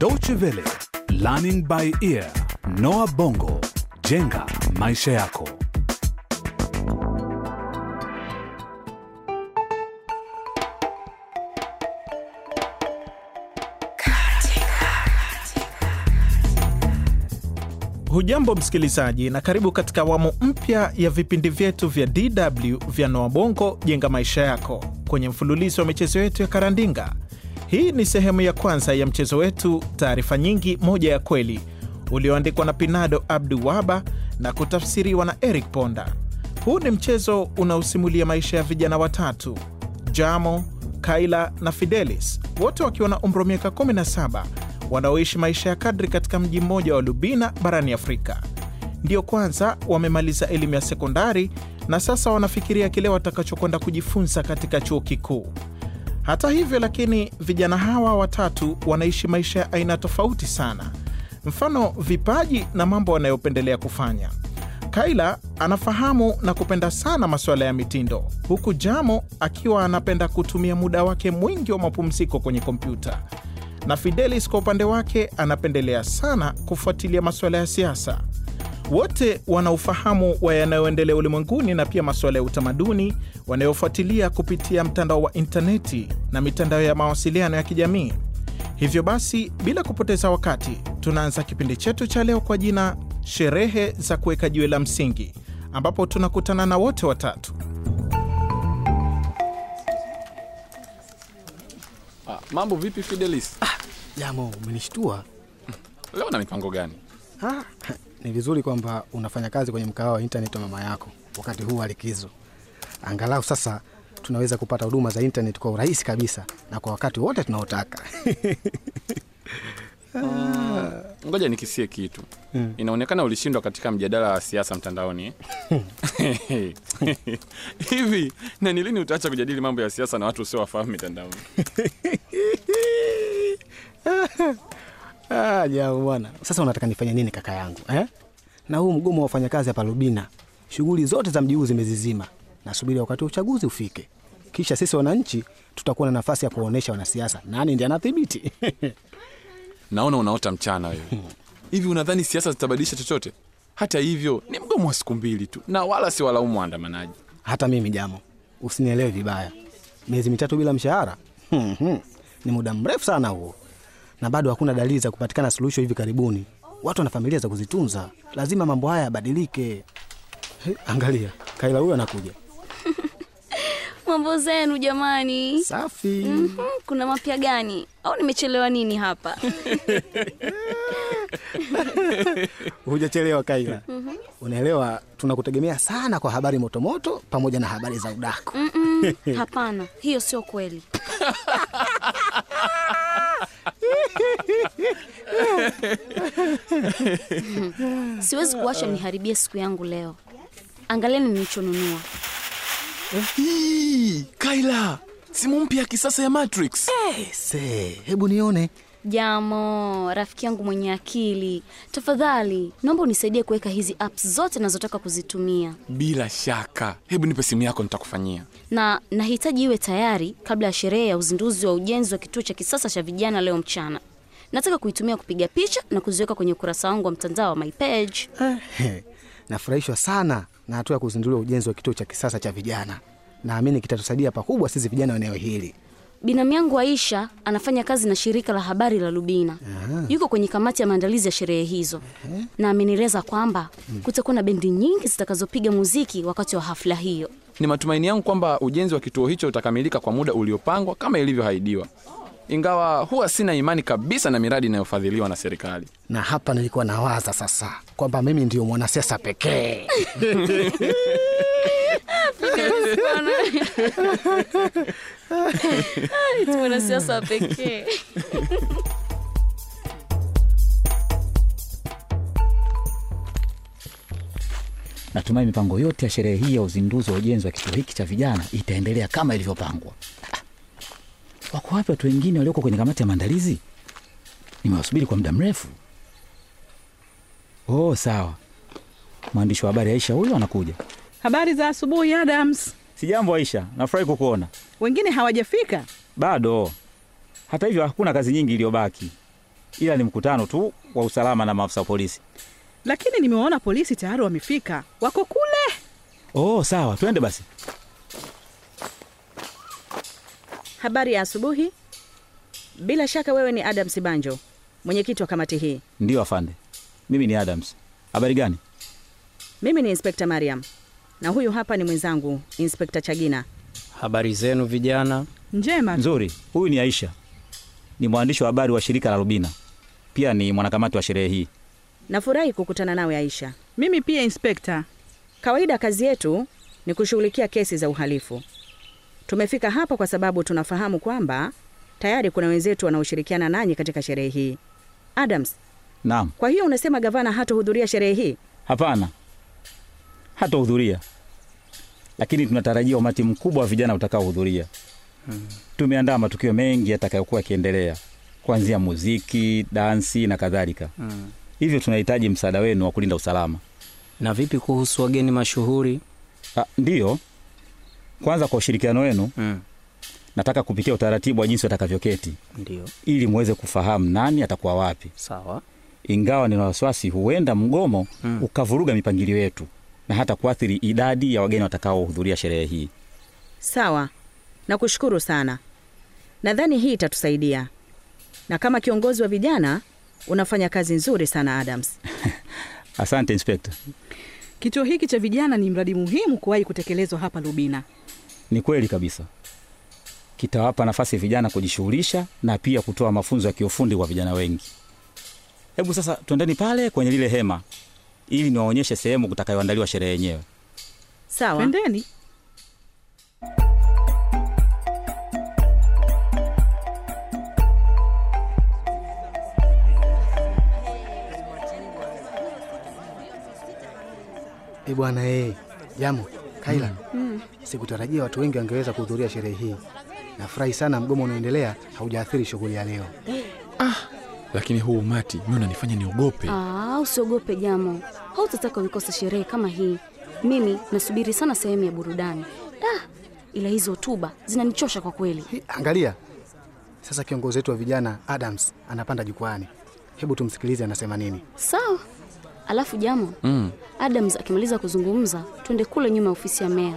Deutsche Welle, Learning by Ear, Noah Bongo, Jenga Maisha Yako. Hujambo msikilizaji, na karibu katika awamu mpya ya vipindi vyetu vya DW vya Noah Bongo, Jenga Maisha Yako, kwenye mfululizo wa michezo yetu ya karandinga hii ni sehemu ya kwanza ya mchezo wetu taarifa nyingi moja ya kweli ulioandikwa na Pinado Abdu Waba na kutafsiriwa na Eric Ponda. Huu ni mchezo unaosimulia maisha ya vijana watatu, Jamo, Kaila na Fidelis, wote wakiwa na umri wa miaka 17 wanaoishi maisha ya kadri katika mji mmoja wa Lubina barani Afrika. Ndiyo kwanza wamemaliza elimu ya sekondari na sasa wanafikiria kile watakachokwenda kujifunza katika chuo kikuu. Hata hivyo lakini, vijana hawa watatu wanaishi maisha ya aina tofauti sana, mfano vipaji na mambo wanayopendelea kufanya. Kaila anafahamu na kupenda sana masuala ya mitindo, huku Jamo akiwa anapenda kutumia muda wake mwingi wa mapumziko kwenye kompyuta, na Fidelis kwa upande wake anapendelea sana kufuatilia masuala ya siasa. Wote wana ufahamu wa yanayoendelea ulimwenguni na pia masuala ya utamaduni wanayofuatilia kupitia mtandao wa intaneti na mitandao ya mawasiliano ya kijamii. Hivyo basi, bila kupoteza wakati, tunaanza kipindi chetu cha leo kwa jina Sherehe za Kuweka Jiwe la Msingi, ambapo tunakutana na wote watatu. Ah, mambo vipi Fidelis? Ah, jamo, umenishtua. Leo na mipango gani? Ah, ni vizuri kwamba unafanya kazi kwenye mkahawa wa internet wa mama yako wakati huu wa likizo. Angalau sasa tunaweza kupata huduma za internet kwa urahisi kabisa na kwa wakati wote tunaotaka. Mm, ngoja nikisie kitu mm. Inaonekana ulishindwa katika mjadala wa siasa mtandaoni hivi. Na ni lini utaacha kujadili mambo ya siasa na watu usiowafahamu mitandaoni? Faraja bwana, sasa unataka nifanye nini kaka yangu eh? Na huu mgomo wa wafanyakazi hapa Lubina, shughuli zote za mji huu zimezizima. Nasubiri wakati wa uchaguzi ufike, kisha sisi wananchi tutakuwa na nafasi ya kuonesha wanasiasa nani ndiye anathibiti Naona unaota mchana wewe. Hivi unadhani siasa zitabadilisha chochote? Hata hivyo ni mgomo wa siku mbili tu, na wala si walaumu waandamanaji. Hata mimi Jamo, usinielewe vibaya, miezi mitatu bila mshahara hmm, hmm. ni muda mrefu sana huo na bado hakuna dalili za kupatikana suluhisho hivi karibuni. Watu wana familia za kuzitunza, lazima mambo haya yabadilike. angalia Kaila huyo anakuja. mambo zenu jamani, safi. Mm-hmm. Kuna mapya gani au nimechelewa nini hapa? Hujachelewa Kaila. Mm-hmm. Unaelewa, tunakutegemea sana kwa habari motomoto pamoja na habari za udako. Mm-mm, hapana, hiyo sio kweli. Siwezi kuacha niharibie siku yangu leo. angaleni nilichonunua. Kaila, simu mpya ya kisasa ya Matrix. Hey, eh, se, hebu nione. Jamo, rafiki yangu mwenye akili, tafadhali naomba unisaidie kuweka hizi apps zote nazotaka kuzitumia. Bila shaka, hebu nipe simu yako, nitakufanyia. Na nahitaji iwe tayari kabla ya sherehe ya uzinduzi wa ujenzi wa kituo cha kisasa cha vijana leo mchana. Nataka kuitumia kupiga picha na kuziweka kwenye ukurasa wangu wa mtandao wa my page. Nafurahishwa sana na hatua ya kuzinduliwa ujenzi wa kituo cha kisasa cha vijana. Naamini kitatusaidia pakubwa sisi vijana wa eneo hili. Binamu yangu Aisha anafanya kazi na shirika la habari la Lubina. Aha. Yuko kwenye kamati ya maandalizi ya sherehe hizo. Aha. Na amenieleza kwamba hmm, kutakuwa na bendi nyingi zitakazopiga muziki wakati wa hafla hiyo. Ni matumaini yangu kwamba ujenzi wa kituo hicho utakamilika kwa muda uliopangwa kama haidiwa ingawa huwa sina imani kabisa na miradi inayofadhiliwa na serikali. Na hapa nilikuwa nawaza sasa kwamba mimi ndiyo mwanasiasa pekee mwanasiasa pekee. Natumai mipango yote ya sherehe hii ya uzinduzi wa ujenzi wa kituo hiki cha vijana itaendelea kama ilivyopangwa. Ah, wako wapi watu wengine walioko kwenye kamati ya maandalizi? Nimewasubiri kwa muda mrefu. Oh, sawa. Mwandishi wa habari Aisha huyo anakuja. Habari za asubuhi Adams. Sijambo Aisha, nafurahi kukuona. Wengine hawajafika bado? Hata hivyo hakuna kazi nyingi iliyobaki, ila ni mkutano tu wa usalama na maafisa wa polisi. Lakini nimewaona polisi tayari wamefika, wako kule. Oh, sawa, twende basi. Habari ya asubuhi. Bila shaka wewe ni Adams Banjo, mwenyekiti wa kamati hii? ndio afande, mimi ni Adams. Habari gani? Mimi ni Inspekta Mariam na huyu hapa ni mwenzangu Inspekta Chagina. Habari zenu vijana? Njema. Nzuri. Huyu ni Aisha, ni mwandishi wa habari wa shirika la Rubina, pia ni mwanakamati wa sherehe hii. Nafurahi kukutana nawe Aisha. Mimi pia Inspekta. Kawaida kazi yetu ni kushughulikia kesi za uhalifu. Tumefika hapa kwa sababu tunafahamu kwamba tayari kuna wenzetu wanaoshirikiana nanyi katika sherehe hii. Adams. Naam. Kwa hiyo unasema gavana hatohudhuria sherehe hii? Hapana, hatahudhuria, lakini tunatarajia umati mkubwa wa vijana utakaohudhuria. Hmm. Tumeandaa matukio mengi yatakayokuwa yakiendelea kuanzia muziki, dansi na kadhalika. Hmm. Hivyo tunahitaji msaada wenu wa kulinda usalama. Na vipi kuhusu wageni mashuhuri? Ah, ndiyo. Kwanza kwa ushirikiano wenu hmm. nataka kupitia utaratibu wa jinsi watakavyoketi, ili mweze kufahamu nani atakuwa wapi. Sawa. Ingawa nina wasiwasi, huenda mgomo hmm. ukavuruga mipangilio yetu na hata kuathiri idadi ya wageni watakaohudhuria sherehe hii sawa nakushukuru sana nadhani hii itatusaidia na kama kiongozi wa vijana unafanya kazi nzuri sana adams asante inspekto kituo hiki cha vijana ni mradi muhimu kuwahi kutekelezwa hapa lubina ni kweli kabisa kitawapa nafasi vijana kujishughulisha na pia kutoa mafunzo ya kiufundi kwa vijana wengi hebu sasa twendeni pale kwenye lile hema ili niwaonyeshe sehemu kutakayoandaliwa sherehe yenyewe. Sawa, twendeni. E bwana ee, eh, Jamo Kaila, mm. mm. Sikutarajia watu wengi wangeweza kuhudhuria sherehe hii. Nafurahi sana mgomo unaendelea haujaathiri shughuli ya leo. Ah, lakini huu umati mi unanifanya niogope. Ah, usiogope Jamo, hautataka uikose sherehe kama hii. Mimi nasubiri sana sehemu ya burudani. Ah, ila hizo hotuba zinanichosha kwa kweli. Hi, angalia sasa, kiongozi wetu wa vijana Adams anapanda jukwani Hebu tumsikilize anasema nini. Sawa. Alafu Jamo, mm. Adams akimaliza kuzungumza, twende kule nyuma ya ofisi ya mea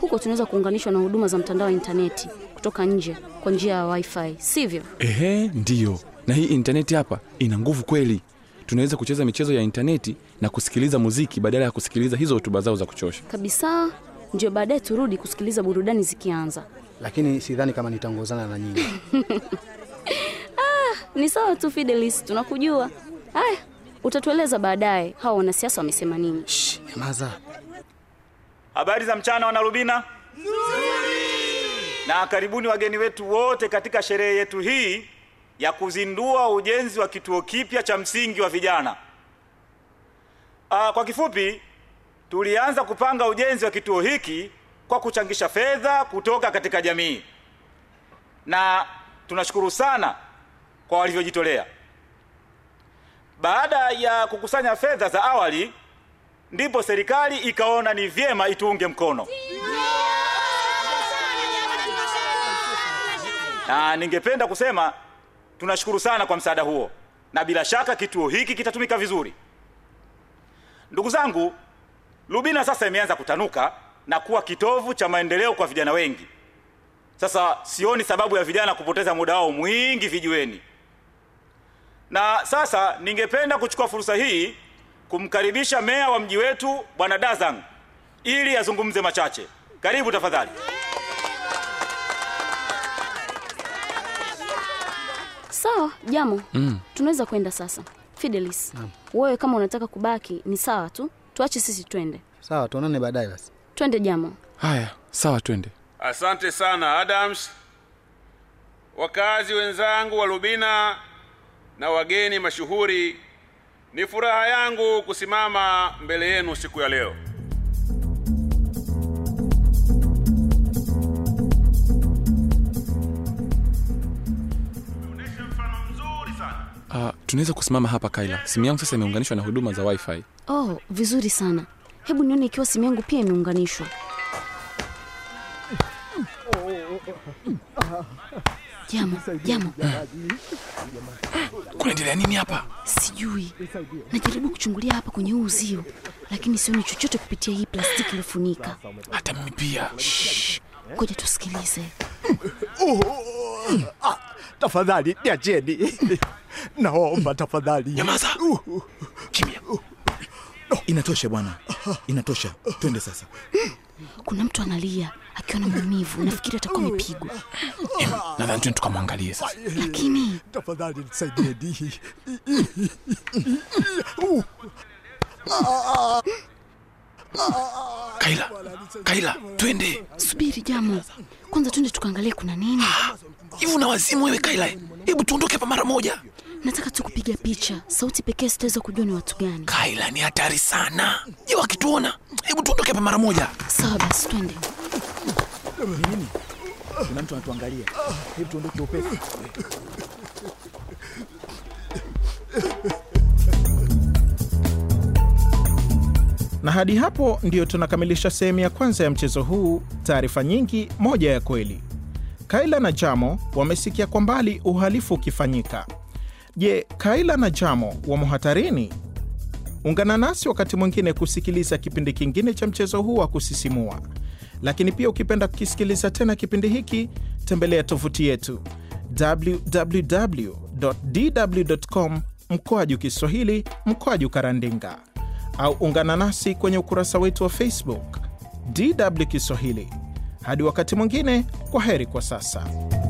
Huko tunaweza kuunganishwa na huduma za mtandao wa intaneti kutoka nje kwa njia ya wifi, sivyo? Ehe, ndiyo. Na hii intaneti hapa ina nguvu kweli tunaweza kucheza michezo ya intaneti na kusikiliza muziki badala ya kusikiliza hizo hotuba zao za kuchosha kabisa. Ndio baadaye turudi kusikiliza burudani zikianza, lakini sidhani kama nitaongozana na nyini Ah, ni sawa tu Fidelis, tunakujua. aya utatueleza baadaye hawa wanasiasa wamesema nini. Nyamaza. Habari za mchana, wanarubina Na karibuni wageni wetu wote katika sherehe yetu hii ya kuzindua ujenzi wa kituo kipya cha msingi wa vijana. Aa, ah, kwa kifupi tulianza kupanga ujenzi wa kituo hiki kwa kuchangisha fedha kutoka katika jamii na tunashukuru sana kwa walivyojitolea. Baada ya kukusanya fedha za awali, ndipo serikali ikaona ni vyema ituunge mkono. Na ningependa kusema Tunashukuru sana kwa msaada huo na bila shaka kituo hiki kitatumika vizuri. Ndugu zangu, Lubina sasa imeanza kutanuka na kuwa kitovu cha maendeleo kwa vijana wengi. Sasa sioni sababu ya vijana kupoteza muda wao mwingi vijiweni. Na sasa ningependa kuchukua fursa hii kumkaribisha meya wa mji wetu Bwana Dazang ili azungumze machache. Karibu tafadhali. Sawa, Jamo. Mm. Tunaweza kwenda sasa. Fidelis. Wewe kama unataka kubaki ni sawa tu. Tuache sisi twende. Sawa, tuonane baadaye basi. Twende Jamo. Haya, sawa twende. Asante sana Adams. Wakazi wenzangu wa Lubina na wageni mashuhuri, ni furaha yangu kusimama mbele yenu siku ya leo. Uh, tunaweza kusimama hapa Kaila. Simu yangu sasa imeunganishwa na huduma za Wi-Fi. Oh, vizuri sana. Hebu nione ikiwa simu yangu pia imeunganishwa. Jamo, jamo. Kunaendelea nini hapa? Sijui. Najaribu kuchungulia hapa kwenye huu uzio, lakini sioni chochote kupitia hii plastiki iliyofunika. Hata mimi pia. Ngoja tusikilize. Tafadhali niacheni. Naomba tafadhali. Nyamaza. Uh. Kimya. Uh. Inatosha bwana, inatosha. Twende sasa. Kuna mtu analia akiwa na maumivu, nafikiri atakuwa amepigwa. Eh, nadhani tuni tukamwangalie sasalakini Lakini tafadhali nisaidie dihi. Uh. Kaila, Kaila, twende. Subiri Jamo, kwanza twende tukaangalie kuna nini. Ah, hivi una wazimu wewe Kaila? Hebu tuondoke hapa mara moja nataka tu kupiga picha, sauti pekee sitaweza kujua ni watu gani. Kaila ni hatari sana, je, wakituona? Hebu tuondoke hapa mara moja. Sawa basi, twende. Nini? Kuna mtu anatuangalia, hebu tuondoke upesi. na hadi hapo ndiyo tunakamilisha sehemu ya kwanza ya mchezo huu taarifa nyingi moja ya kweli kaila na jamo wamesikia kwa mbali uhalifu ukifanyika Je, Kaila na Jamo wamo hatarini? Ungana nasi wakati mwingine kusikiliza kipindi kingine cha mchezo huu wa kusisimua. Lakini pia ukipenda kukisikiliza tena kipindi hiki, tembelea tovuti yetu www.dw.com mkoaju Kiswahili mkoaju Karandinga, au ungana nasi kwenye ukurasa wetu wa Facebook DW Kiswahili. Hadi wakati mwingine, kwa heri kwa sasa.